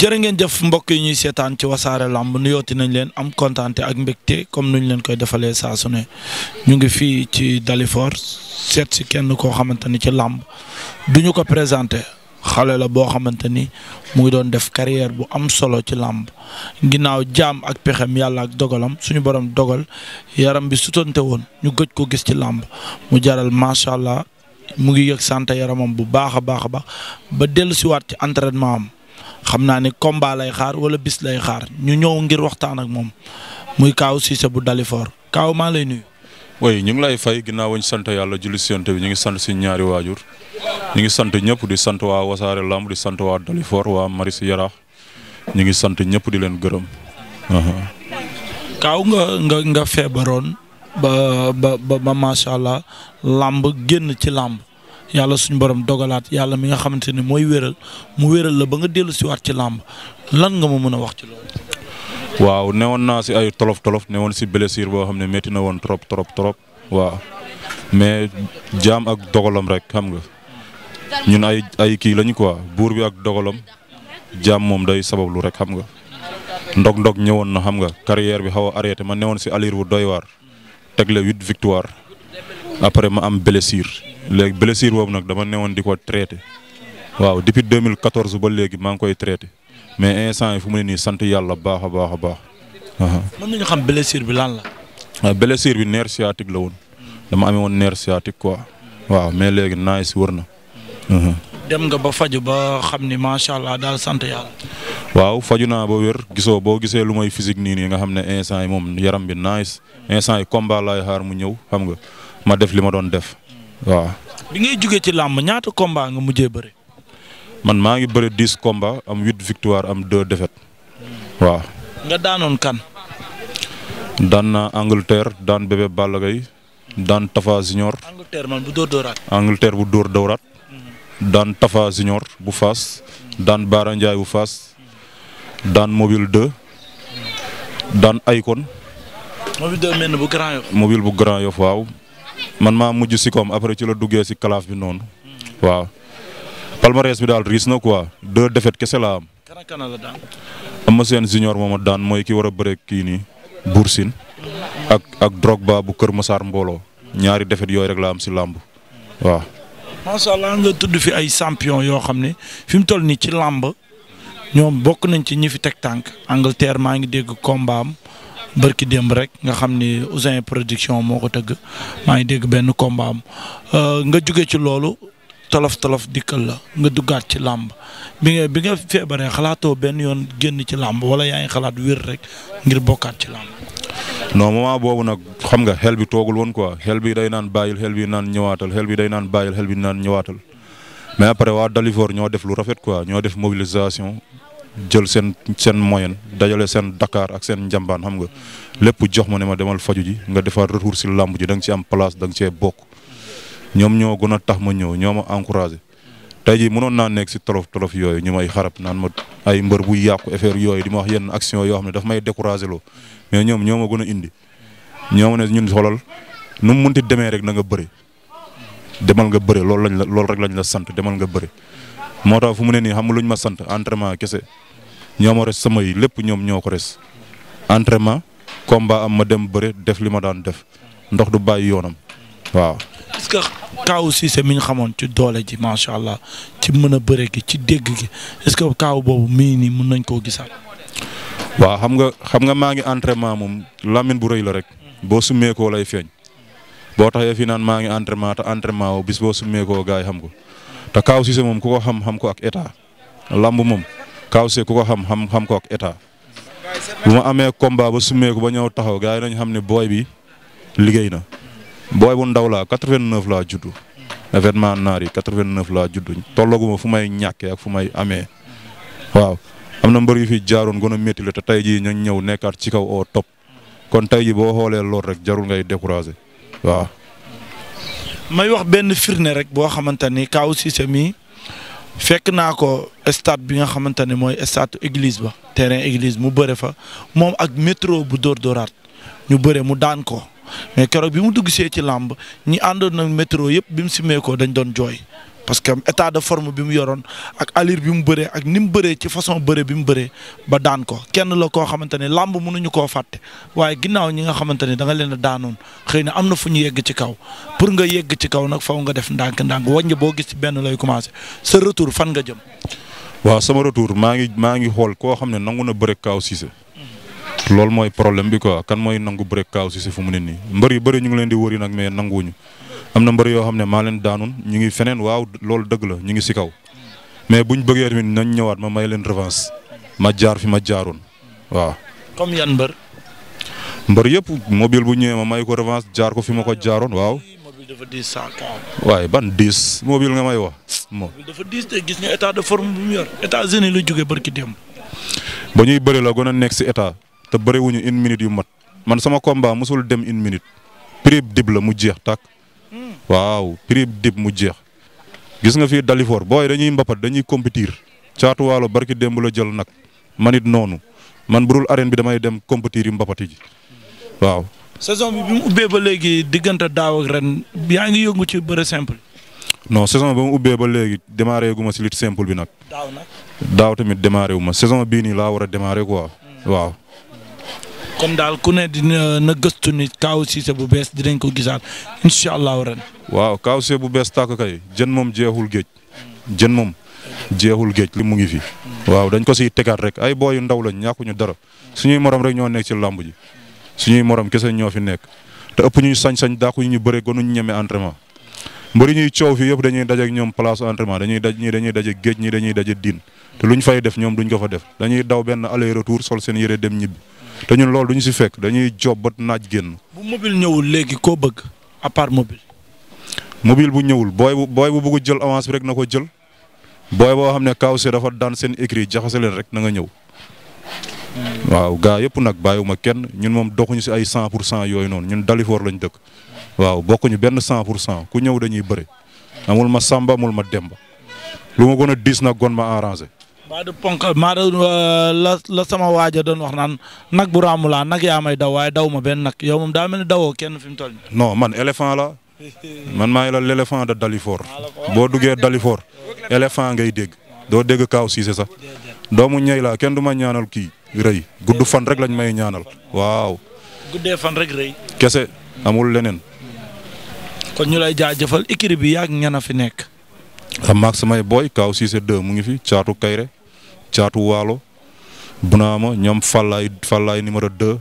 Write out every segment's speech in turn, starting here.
jërë ngeen jëf mbokk yi ñuy seetaan ci wasaare lamb nuyooti nañ leen am kontaan ak mbégte comme nuñ leen koy defalee saa su ñu ngi fii ci Dalifort seet si kenn koo xamante ni ci làmb du ñu ko présenté xale la boo xamante ni mu ngi doon def carrière bu am solo ci làmb ginnaaw jaam ak pexem yàlla ak dogalam suñu borom dogal yaram bi sutante woon ñu gëj ko gis ci làmb mu jaral macha allah mu ngi yëg sant yaramam bu baax a baax a baax ba dellusiwaat ci entraînement xam naa ni combat xaar wala bis lay xaar ñu ñëw ngir waxtaan ak moom muy Kaaw Cissé bu Dalifor Kaaw maa lay nuyu. oui ñu ngi lay fay ginnaaw wañ sant yàlla julli si bi ñu ngi sant suñu ñaari waajur ñu ngi sant ñëpp di sant waa Wasaare Lamb di sant waa Dalifor waa Maris Yaraax ñu ngi sant ñëpp di leen gërëm. Kaaw nga nga nga feebaroon ba ba ba macha allah làmb génn ci làmb yàlla suñu borom dogalaat yàlla mi nga xamante ne mooy wéral mu wéral la ba nga dellu si waat ci làmb lan nga ma mën a wax ci loolu. waaw newoon naa si ay tolof tolof newoon si blessure boo xam ne metti na woon trop trop trop waaw mais jaam ak dogalam rek xam nga ñun ay ay kii lañu quoi buur bi ak dogalam jaam moom day sabablu rek xam nga. ndog-ndog ñëwoon na xam nga carrière bi xaw a arrêté ma newoon si allure bu doy waar tegle huit victoire après ma am blessure léegi blessir boobu nag dama newoon di ko traité waaw depuis 2014 ba léegi maa ngi koy traité mais instant yi fu mu ne nii sant yàlla baax a baax a baax. mën nañu xam blessure bi lan la. Ah, blessure bi nerf sciatique la woon dama amee woon nerf sciatique quoi waaw mais léegi naaj si wër na. dem nga ba faju ba xam ni macha allah daal sant yàlla. waaw faju naa ba wér gisoo boo gisee lu may physique nii nga xam ne instant yi moom yaram bi naaj instant yi combat laay mu ñëw xam nga ma def li ma doon def. waaw. bi ngay jóge ci làmb ñaata combat nga mujjee bëri. man maa ngi bëri dix combat am huit victoire am deux défaites waaw. nga daanoon kan. daan naa Angleterre daan bébé Balla daan Tafa Junior. bu dóor dóoraat. Angleterre bu dóor dóoraat. Hmm. daan Tafa Junior bu Faas. Hmm. daan Baara bu Faas. Hmm. daan mobile 2. daan Aykon. mobile 2 mel bu Grand mobile bu Grand Yoff waaw. man maa mujj si koom après ci la duggee si kalaaf bi noonu waaw palmarès bi daal riis na quoi deux défaites kese laa am. karakana la daan. Ama Sène junior moom a daan mooy ki war a bëre kii nii Boursine ak ak Drogba bu Kër Massar mbooloo ñaari défaites yooyu rek laa am si làmb waaw. macha allah nga tudd fi ay champion yoo xam ne fi mu toll nii ci làmb ñoom bokk nañ ci ñi fi teg tànk Angleterre maa ngi dégg combat am bërki démb rek nga xam ni Ousin production moo ko tëgg maa ngi dégg benn combat am euh, nga jóge ci loolu tolof tolof dikkal la nga duggaat ci làmb bi nga bi nga feebaree xalaatoo benn yoon génn ci làmb wala yaa ngi xalaat wér rek ngir bokkaat ci làmb. non moment boobu nag xam nga xel bi toogul woon quoi xel bi day naan bàyyil xel bi naan ñëwaatal xel bi day naan bàyyil xel bi naan ñëwaatal mais après waa Dalifor ñoo def lu rafet quoi ñoo def mobilisation jël seen seen moyen dajale seen dakaar ak seen njambaan xam nga lépp jox ma ne ma demal faju ji nga defar retour si làmb ji da nga ci am place da nga ee bokk ñoom ñoo gën a tax ma ñëw ñoo ma encouragé tey jii mënoon naa nekk si tolof tolof yooyu ñu may xarab naan ma ay mbër bu yàqu affaire yooyu di ma wax yenn action yoo xam ne daf may découragé loo mais ñoom ñoo ma gën a indi ñoo ma ne ñun xoolal nu mu munti demee rek na nga bëri demal nga bëri loolu lañ la loolu rek lañ la sant demal nga bëri moo tax fu mu ne nii xam nga lu ma sant entraînement kese ñoo ma res samay lépp ñoom ñoo ko res entraînement combat am ma dem bëre def li ma daan def ndox du bàyyi yoonam waaw. est-ce que Kaaw Cissé mi ñu xamoon ci doole ji macha allah ci mën a bëre gi ci dégg gi est-ce que Kaaw boobu mii nii mun nañ koo gisaat. waaw xam nga xam nga maa ngi entraînement moom lamine bu rëy la rek boo summeekoo lay feeñ boo taxee fi naan maa ngi entraînement te entraînement woo bis boo summeekoo gars yi xam ko. te Kaaw Cissé moom ku ko xam xam ko ak état lamb moom Kaaw Cissé ku ko xam xam xam ko ak état bu ma amee combat ba summeeku ba ñëw taxaw gaa yi nañ xam ne booy bi liggéey na booy bu ndaw laa 89 laa juddu événement naar yi 89 laa juddu tollaguma fu may ñàkkee ak fu may amee waaw am na mbër yu fi jaaroon gën a métti la te tey jii ñu ñëw nekkaat ci kaw oo topp kon tey jii boo xoolee lool rek jarul ngay découragé waaw. may wax benn firnde rek boo xamante ni Kaaw Cissé mi fekk naa ko stade bi nga xamante ne mooy state église ba terrain église mu bëre fa moom ak métro bu dóor dóoraat ñu bëre mu daan ko mais keroog bi mu dugg see ci làmb ñi àndoon nag métro yëpp bi mu simee ko dañ doon jooy parce que état de forme bi mu yoroon ak allure bi mu bëree ak ni mu bëree ci façon bëree bi mu bëree ba daan ko kenn la koo xamante ne làmb mënuñu koo fàtte waaye ginnaaw ñi nga xamante ne da nga leen a daanoon xëy na am na fu ñu yegg ci kaw pour nga yegg ci kaw nag faw nga def ndànk-ndànk wàññi boo gis ci benn lay commencé sa retour fan nga jëm. waaw sama retour maa ngi maa ngi xool koo xam ne nangu na bëre Kaaw Cissé loolu mooy problème bi quoi kan mooy nangu bëre Kaaw Cissé fu mu ne mbër yu bëri ñu ngi leen di wëri nag mais nanguwuñu am na mbër yoo xam ne maa leen daanoon ñu ngi feneen waaw loolu dëgg la ñu ngi si kaw mais buñ bëggee tamit nañ ñëwaat ma may leen revanche ma jaar fi ma jaaroon waaw. comme yan mbër. mbër yëpp mobile bu ñëwee ma may ko revanche jaar ko fi ma ko jaaroon waaw. mobile dafa diis waaye ban diis mobile nga may wax. mobile dafa diis de gis nga état de forme bu mu yor États-Unis ba ñuy bëri la gën a nekk si état te bariwuñu wuñu une minute yu mat man sama combat mosul dem une minute prix dib la mu jeex tàkk. waaw prix dib mu jeex gis nga fii Dalifor booy dañuy mbapat dañuy compétir caatu waalo barki démb la jël nag man it noonu man bu dul arène bi damay dem compétir yi mbapat yi waaw. saison bi bi mu ubbee ba léegi diggante daaw ak ren yaa ngi yëngu ci bëre simple. non saison bi mu ubbee ba léegi démarré gu ma si lutte simple bi nag. daaw nag daaw tamit démarré wu ma saison bii nii laa war a démarré quoi hmm. waaw. kon daal ku ne dina na gëstu ni Kaaw Cissé bu bees di dinañ ko gisaat incha allahu ren. waaw Kaaw Cissé bu bees tàkk kay jën moom jeexul géej. jën moom jeexul géej li mu ngi fi. waaw dañ ko siy tegaat rek ay booy yu ndaw lañ ñàkkuñu dara suñuy morom rek ñoo nekk ci làmb ji suñuy morom kese ñoo fi nekk te ëpp ñuy sañ-sañ dàqu ñu bëre gonuñ ñeme entraînement. mbëri ñuy coow fii yëpp dañuy dajeeg ñoom place entraînement dañuy daj ñii dañuy daje géej ñii dañuy daje diin te luñ fay def ñoom duñ ko fa def dañuy daw benn aller retour sol seen yére dem ñibbi te ñun loolu du ñu si fekk dañuy job ba naaj génn. bu mobile ñëwul léegi koo bëgg à part mobile. bu ñëwul booy bu bugg jël avance bi rek na ko jël booy boo xam ne kaw Kawsee dafa daan seen écrit jaxase leen rek na nga ñëw. waaw gaa yëpp nag bàyyiwuma kenn ñun moom doxuñu si ay cent pour cent yooyu noonu ñun Dalifor lañ dëkk. waaw bokkuñu benn cent pour cent ku ñëw dañuy bëri. amul ma Samba amul ma Demba. lu ma gën a diis nag gon ma arrangé. maa de ponk maa de euh, la la sama waaja doon wax naan nag bu raamu laa nag yaa may daw waaye daw ma benn nag yow moom daa mel ni dawoo kenn fi mu toll nii. man éléphant la man maa ngi la l'éléphant de Dalifort boo duggee Dalifort éléphant ngay dégg doo dégg Kaaw Cissé sax doomu ñey kenn du ma ñaanal kii rëy gudd fan rek lañ may ñaanal waaw. guddee fan rek rëy. kese amul leneen. kon ñu lay jaajëfal équipe bi yaa ngi a fi nekk. xam maak samay booy Kaaw Cissé 2 mu ngi fi caatu Kayre. caatu waalo bunaama ñoom fallaay fallaay numéro 2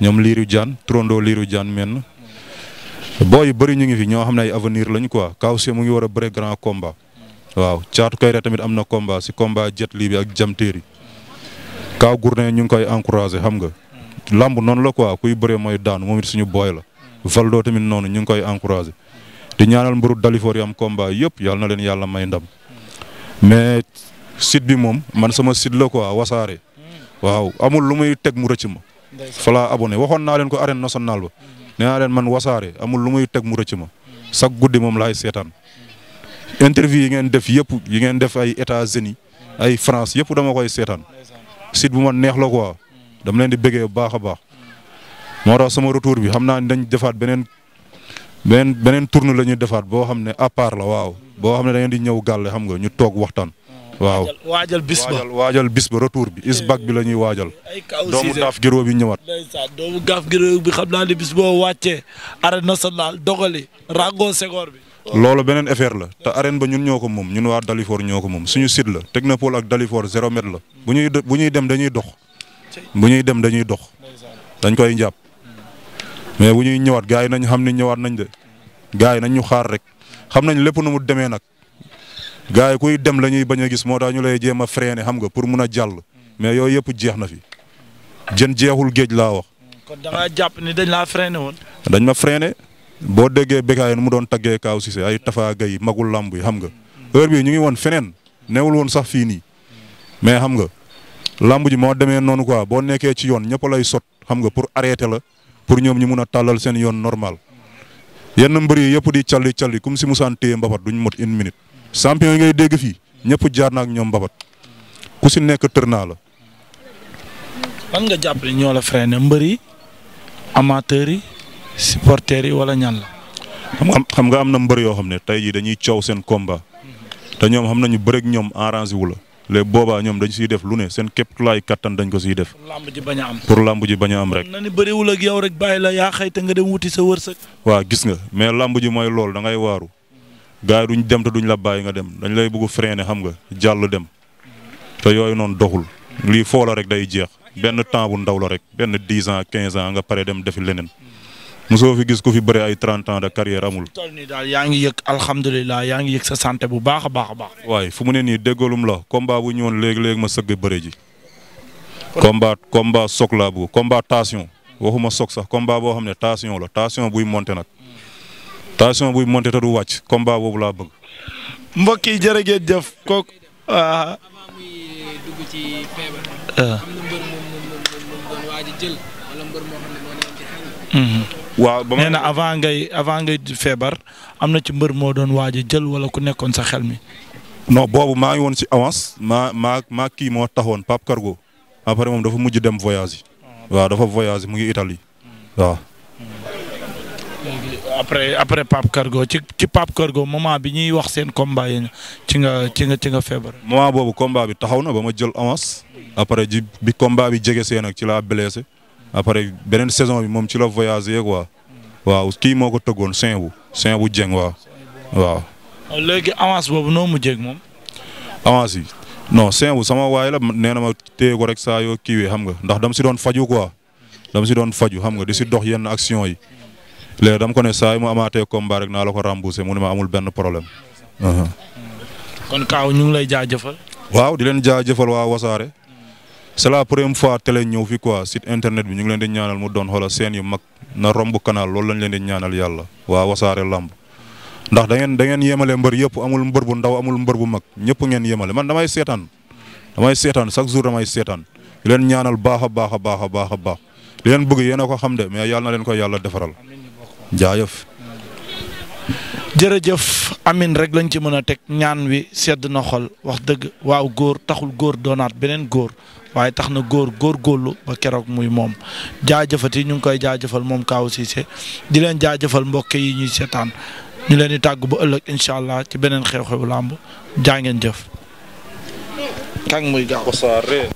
ñoom liiru jaan trondoo liiru jaan menn boo yu bëri ñu ngi fi ñoo xam ne ay avenir lañ quoi Kaaw si mu ngi war a bëre grand komba waaw caatu kay rek tamit am na combat si combat jet lii bi ak jamteer yi Kaaw ñu ngi koy encouragé xam nga. lamb noonu la quoi kuy bëree mooy daanu moom it suñu booy la. Valdo tamit noonu ñu ngi koy encouragé di ñaanal mburu Dalifor yi am combat yëpp yàlla na leen yàlla may ndam mais site bi moom man sama site la quoi wasaare. waaw amul lu muy teg mu rëcc ma. fa laa abonné waxoon naa leen ko arène nationale ba. nee naa leen man wasaare amul lu muy teg mu rëcc ma. chaque guddi moom laay seetaan. interview yi ngeen def yëpp yi ngeen def ay États-Unis ay France yëpp dama koy seetaan. site bu ma neex la quoi. dama leen di bëggee bu baax a baax. moo tax sama retour bi xam naa ne dañ defaat beneen beneen beneen tournée la ñuy defaat boo xam ne à part la waaw boo xam ne da ngeen di ñëw gàlle xam nga ñu toog waxtaan. waaw waajal bis ba waajal bis ba retour bi isbak bi la ñuy waajal. doomu gaaf giroo bi ñëwaat. doomu gaaf giroo bi xam naa ne bis boo wàccee arène nationale dogali rango segoor bi. loolu beneen affaire la te arène ba ñun ñoo ko moom ñun waa Dalifor ñoo ko moom suñu site la technopole ak Dalifor zéro mètre la bu ñuy bu ñuy dem dañuy dox bu ñuy dem dañuy dox dañ koy jàpp mais bu ñuy ñëwaat gars yi nañ xam ni ñëwaat nañ de gaa yi nañ ñu xaar rek xam nañ lépp nu mu demee nag gars yi kuy dem la ñuy bañ a gis moo tax ñu lay jéem a freiné xam nga pour mun a jàll mais yooyu yëpp jeex na fi jën jeexul géej laa wax. jàpp ni dañ laa freiné woon. dañ ma freiné boo déggee békaay nu mu doon taggee Kaaw Cissé ay tafaaga yi magul làmb yi xam nga heure bii ñu ngi woon feneen newul woon sax fii nii mais xam nga làmb ji moo demee noonu quoi boo nekkee ci yoon ñëpp lay sot xam nga pour arrêter la pour ñoom ñu mun a tàllal seen yoon normal yenn mbër yi yëpp di calli calli comme si musaan téye mbapat duñ mot une champion yi ngay dégg fii ñëpp jaar naa ak ñoom mbabat ku si nekk tër naa la. lan nga jàpp ni ñoo la freiné mbër yi amateurs yi supporters yi wala ñan la. xam nga am na mbër yoo xam ne tey jii dañuy coow seen combat te ñoom xam nañu bëreeg ñoom arrangé wu la les ñoom dañ siy def lu ne seen képp tulaay kattan dañ ko siy def. pour làmb ji bañ am. pour làmb ji bañ a am na ni bëriwul ak yow rek bàyyi la yaa xëy nga dem wuti sa wërsëg. waa gis nga mais làmb ji mooy loolu da ngay waaru. gars yi duñ dem te duñ la bàyyi nga dem dañ lay bëgg ne xam nga jàll dem te yooyu noonu doxul lii foo rek day jeex benn temps bu ndaw la rek benn dix ans quinze ans nga pare dem defi leneen. mosoo fi gis ko fi bëri ay trent ans de carrière amul. toll nii yaa ngi yëg alhamdulilah yaa ngi sa santé bu baax a baax a baax. waaye fu mu ne nii déggoolum la combat bu ñëwoon léegi léegi ma sëgg bëre ji. combat combat soog laa bëgg combat tension waxuma soog sax combat boo xam ne tension la tension buy monter nag. tension buy monté te du wàcc combat boobu laa bëgg. mbokk yi jërëjëf jëf kooku. avant ah. a waaw ba nee na avant ngay avant ngay feebar am na ci mbër moo doon waaj a jël wala ku nekkoon sa xel mi. non boobu maa ngi woon si avance maa maa maa moo taxoon Pape Cargo après moom dafa mujj dem voyage yi. Ah, dafa voyage mu ngi Italie mm. waaw. Mm. après après Pape Cargo ci ci Pape Cargo moment bi ñuy wax seen combat yi ci nga ci nga ci nga feebar. moment boobu combat bi taxaw na ba ma jël avance. après ji bi combat bi jege see nag ci la blessé. après beneen saison bi moom ci la voyagé quoi. waaw kii moo ko tëggoon Saint bu Saint bu Dieng waaw. waaw. léegi boobu noo mujjee ak moom. avance yi non Saint sama waay la nee na ma téye ko rek saayo yoo kiiwee xam nga ndax dama si doon faju quoi. dama si doon faju xam nga di si dox yenn action yi. léegi dama ko ne saa yi mu amaatee combat rek naa la ko remboursé mu ne ma amul benn problème. kon Kaaw ñu ngi lay jaajëfal. waaw di leen jaajëfal waa wasaare. c'est la fois tele ñëw fi quoi sit internet bi ñu ngi leen di ñaanal mu doon xoolal seen yu mag na romb canal loolu lañ leen di ñaanal yàlla waa wasaare lamb ndax da ngeen da ngeen yemale mbër yëpp amul mbër bu ndaw amul mbër bu mag ñëpp ngeen yemale man damay seetaan damay seetaan chaque jour damay seetaan di leen ñaanal baax baax a baax a baax a baax leen bëgg yéen a ko xam de mais yàlla leen ko yàlla defaral. jaajëf. jërëjëf amin rek lañ ci mën a teg ñaan wi sedd na xol wax dëgg waaw góor taxul góor doonaat beneen góor waaye tax na góor góor góorlu ba keroog muy moom yi ñu ngi koy jaajëfal moom Kaaw se di leen jaajëfal mbokk yi ñuy seetaan ñu leen di tàgg ba ëllëg incha allah ci beneen xew xew làmb jaa ngeen jëf. tàng muy gaaw